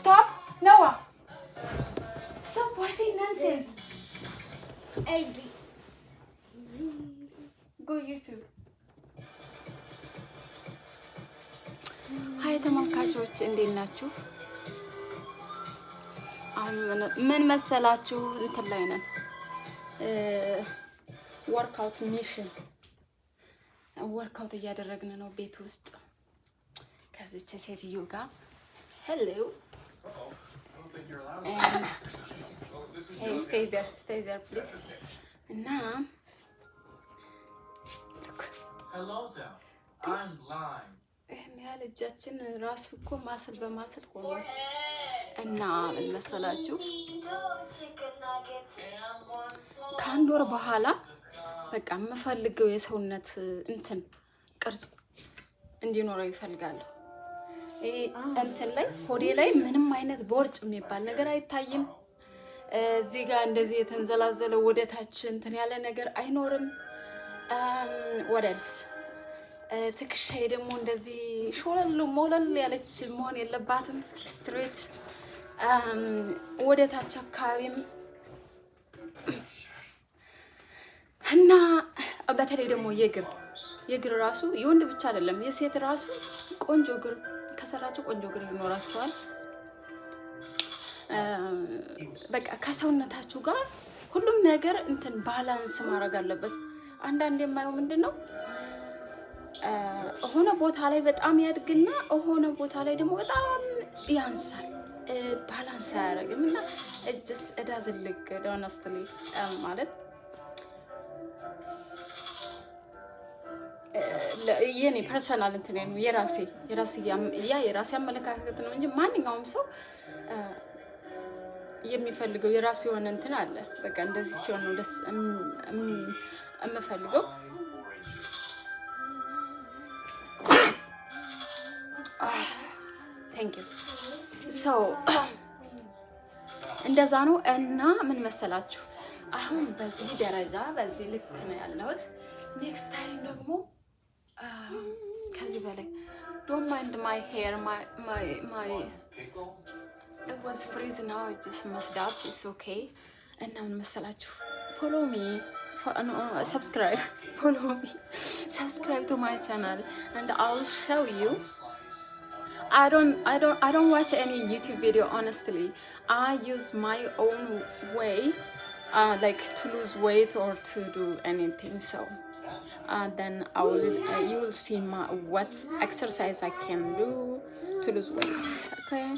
Stop. Noah. Stop watching nonsense. Angry. Go YouTube. ሀይ ተመልካቾች እንዴት ናችሁ? አሁን ምን መሰላችሁ እንትን ላይ ነን። ወርክአውት ሚሽን ወርክአውት እያደረግን ነው ቤት ውስጥ ከዚች ሴትዮ ጋር ሄሎ ስቴይ ዘር ስቴይ እና ይህን ያህል እጃችን ራሱ እኮ ማስል በማስል ሆኖ እና ምን መሰላችሁ ከአንድ ወር በኋላ በቃ የምፈልገው የሰውነት እንትን ቅርጽ እንዲኖረው ይፈልጋለሁ። እንትን ላይ ሆዴ ላይ ምንም አይነት ቦርጭ የሚባል ነገር አይታይም። እዚህ ጋር እንደዚህ የተንዘላዘለ ወደታች እንትን ያለ ነገር አይኖርም። ወደልስ ትከሻዬ ደግሞ እንደዚህ ሾለሉ ሞለል ያለች መሆን የለባትም። ስትሬት ወደታች አካባቢም እና በተለይ ደግሞ የግር የግር ራሱ የወንድ ብቻ አይደለም የሴት ራሱ ቆንጆ እግር ከሰራችሁ ቆንጆ እግር ይኖራችኋል። በቃ ከሰውነታችሁ ጋር ሁሉም ነገር እንትን ባላንስ ማድረግ አለበት። አንዳንድ የማየው ምንድን ነው ሆነ ቦታ ላይ በጣም ያድግና ሆነ ቦታ ላይ ደግሞ በጣም ያንሳል። ባላንስ አያደርግም እና እጅስ እዳዝልግ ደሆነስትል ማለት የኔ ፐርሰናል እንትን ነው የራሴ የራሴ ያ የራሴ አመለካከት ነው እንጂ ማንኛውም ሰው የሚፈልገው የራሱ የሆነ እንትን አለ። በቃ እንደዚህ ሲሆን ነው ደስ የምፈልገው። ቴንክ ዩ ሰው እንደዛ ነው እና ምን መሰላችሁ አሁን በዚህ ደረጃ በዚህ ልክ ነው ያለሁት። ኔክስት ታይም ደግሞ Um, Casually, don't mind my hair, my my my. It was freezing. Now it just messed up. It's okay. And now, masalachu, follow me. For no, subscribe. Follow me. subscribe to my channel, and I'll show you. I don't, I don't, I don't watch any YouTube video. Honestly, I use my own way, uh, like to lose weight or to do anything. So uh, then I will, uh, you will see my, what exercise I can do to lose weight. Okay.